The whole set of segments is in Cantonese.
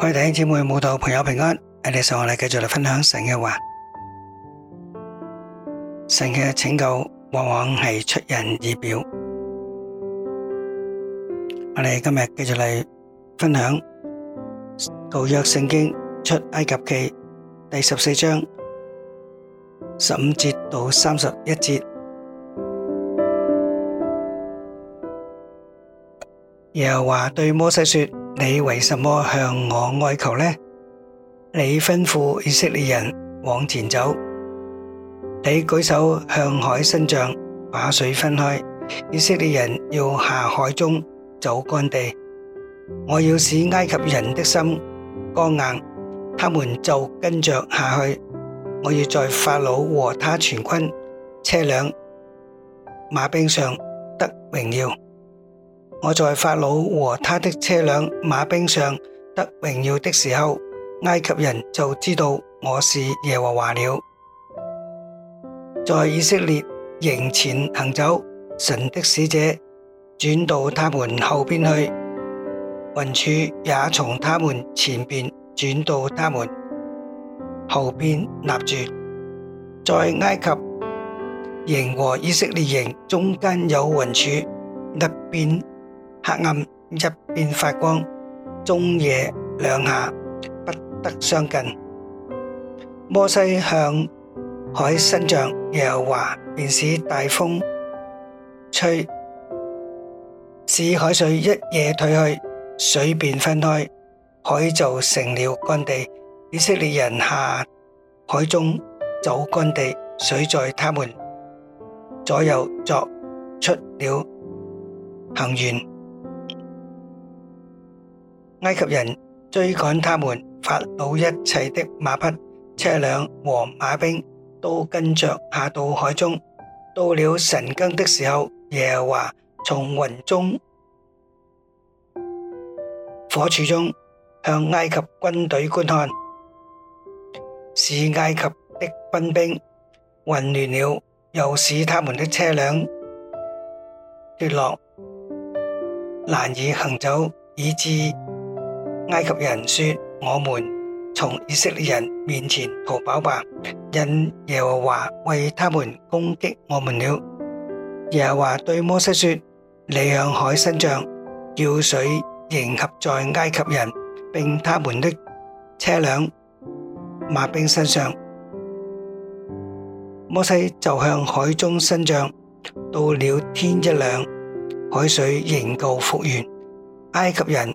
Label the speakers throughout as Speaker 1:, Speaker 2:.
Speaker 1: 各位弟兄姊妹、慕道、朋友平安，我哋上嚟繼續嚟分享神嘅話，神嘅拯救往往係出人意表。我哋今日繼續嚟分享舊約聖經出埃及記第十四章十五節到三十一節，耶和華對摩西說：你為什麼向我哀求呢？你吩咐以色列人往前走，你舉手向海伸杖，把水分開，以色列人要下海中走乾地。我要使埃及人的心剛硬，他們就跟着下去。我要在法老和他全軍車輛馬兵上得榮耀。我在法老和他的車輛馬兵上得榮耀的時候，埃及人就知道我是耶和華了。在以色列營前行走，神的使者轉到他們後邊去，雲柱也從他們前邊轉到他們後邊立住。在埃及營和以色列營中間有雲柱，一邊，黑暗入面發光，終夜兩下不得相近。摩西向海伸脹，耶和華便使大風吹，使海水一夜退去，水便分開，海就成了乾地。以色列人下海中走乾地，水在他們左右作出了行員。埃及人追趕他們，法老一切的馬匹、車輛和馬兵都跟着下到海中。到了晨更的時候，耶和華從雲中、火柱中向埃及軍隊觀看，使埃及的軍兵混亂了，又使他們的車輛跌落，難以行走，以致。埃及人說：我們從以色列人面前逃跑吧，因耶和華為他們攻擊我們了。耶和華對摩西說：你向海伸杖，叫水仍合在埃及人並他們的車輛、馬兵身上。摩西就向海中伸杖，到了天一亮，海水仍舊復原，埃及人。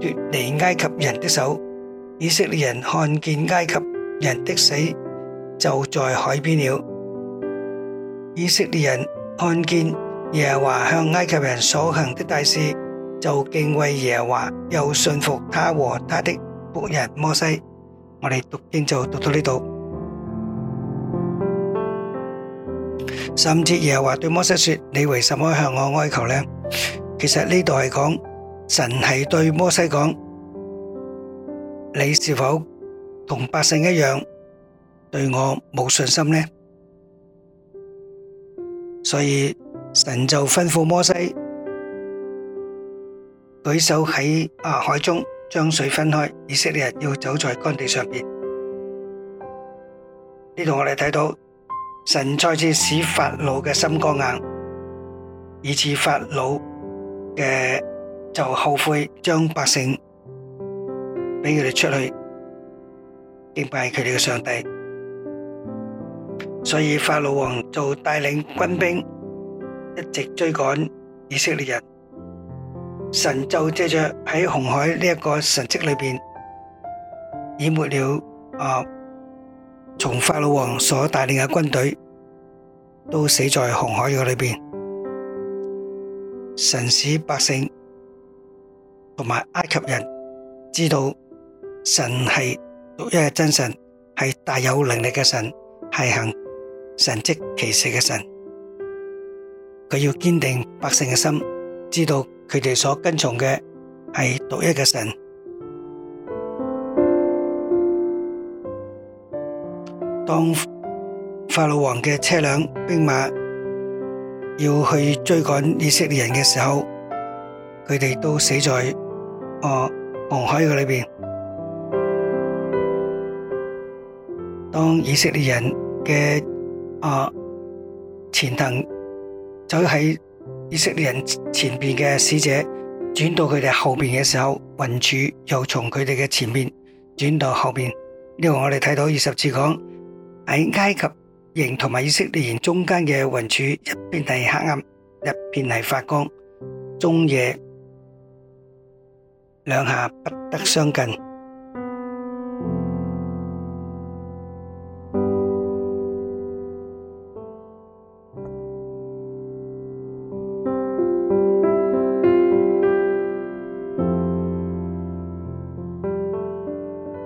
Speaker 1: 脫離埃及人的手，以色列人看見埃及人的死，就在海邊了。以色列人看見耶華向埃及人所行的大事，就敬畏耶華，又信服他和他的僕人摩西。我哋讀經就讀到呢度。甚至耶華對摩西說：你為什麼向我哀求呢？其實呢度係講。神係對摩西講：你是否同百姓一樣對我冇信心呢？所以神就吩咐摩西舉手喺啊海中將水分開，以色列人要走在乾地上面。呢度我哋睇到神再次使法老嘅心剛硬，以致法老嘅。就後悔將百姓俾佢哋出去敬拜佢哋嘅上帝，所以法老王就帶領軍兵一直追趕以色列人。神就借着喺紅海呢一個神跡裏邊，淹沒了啊，從法老王所帶領嘅軍隊都死在紅海嗰裏邊。神使百姓。同埋埃及人知道神係獨一嘅真神，係大有能力嘅神，係行神跡奇事嘅神。佢要堅定百姓嘅心，知道佢哋所跟從嘅係獨一嘅神。當法老王嘅車輛兵馬要去追趕以色列人嘅時候，佢哋都死在。啊、哦，紅海嘅裏邊，當以色列人嘅啊、哦、前騰走喺以色列人前邊嘅使者，轉到佢哋後邊嘅時候，雲柱又從佢哋嘅前面轉到後邊。呢個我哋睇到二十次講喺埃及營同埋以色列人中間嘅雲柱，一邊係黑暗，一邊係發光，中夜。兩下不得相近，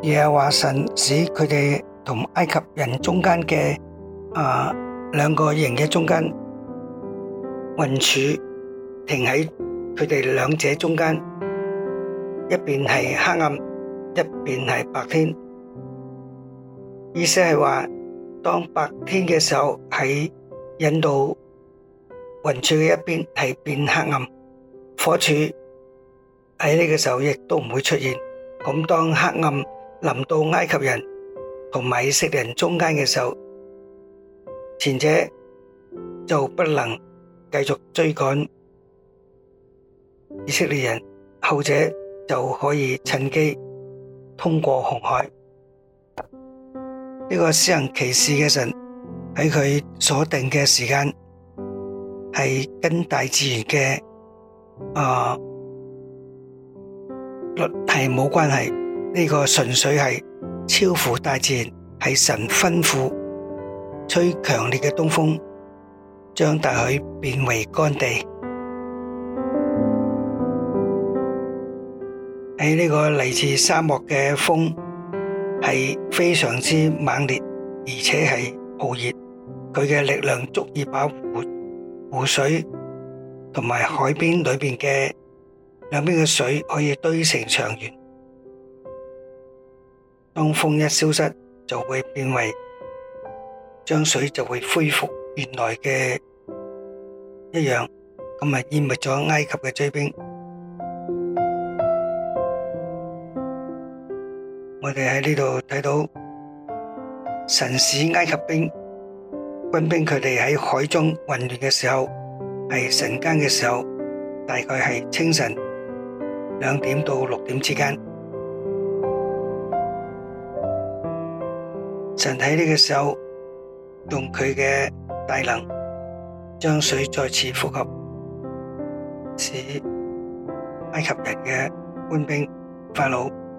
Speaker 1: 而係話神使佢哋同埃及人中間嘅、啊兩個營嘅中間，雲柱停喺佢哋兩者中間。一邊係黑暗，一邊係白天，意思係話，當白天嘅時候喺引導雲柱嘅一邊係變黑暗，火柱喺呢個時候亦都唔會出現。咁當黑暗臨到埃及人同埋以色列人中間嘅時候，前者就不能繼續追趕以色列人，後者。就可以趁機通過紅海。呢、這個施行奇事嘅神喺佢所定嘅時間，係跟大自然嘅啊律係冇關係。呢、這個純粹係超乎大自然，係神吩咐吹強烈嘅東風，將大海變為乾地。喺呢個嚟自沙漠嘅風係非常之猛烈，而且係酷熱。佢嘅力量，足以把湖湖水，同埋海邊裏邊嘅兩邊嘅水，可以堆成長圓。當風一消失，就會變為，將水就會恢復原來嘅一樣，咁咪淹沒咗埃及嘅追兵。我哋喺呢度睇到神使埃及兵官兵，佢哋喺海中混亂嘅時候，係晨間嘅時候，大概係清晨兩點到六點之間，神喺呢個時候用佢嘅大能，將水再次復合，使埃及人嘅官兵發怒。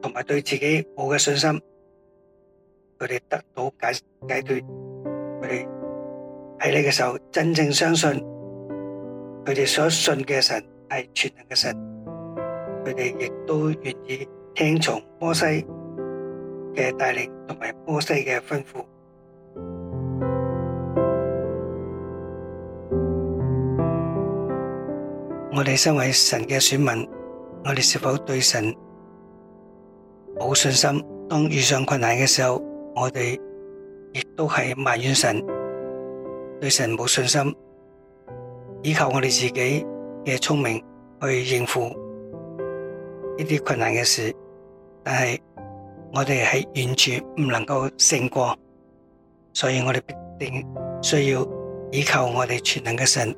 Speaker 1: 同埋對自己冇嘅信心，佢哋得到解解脫。佢哋喺呢個時候真正相信，佢哋所信嘅神係全能嘅神。佢哋亦都願意聽從摩西嘅帶領同埋摩西嘅吩咐。我哋身為神嘅選民，我哋是否對神冇信心，當遇上困難嘅時候，我哋亦都係埋怨神，對神冇信心，依靠我哋自己嘅聰明去應付呢啲困難嘅事，但係我哋係完全唔能夠勝過，所以我哋必定需要依靠我哋全能嘅神，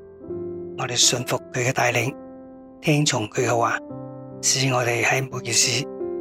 Speaker 1: 我哋信服佢嘅帶領，聽從佢嘅話，使我哋喺每件事。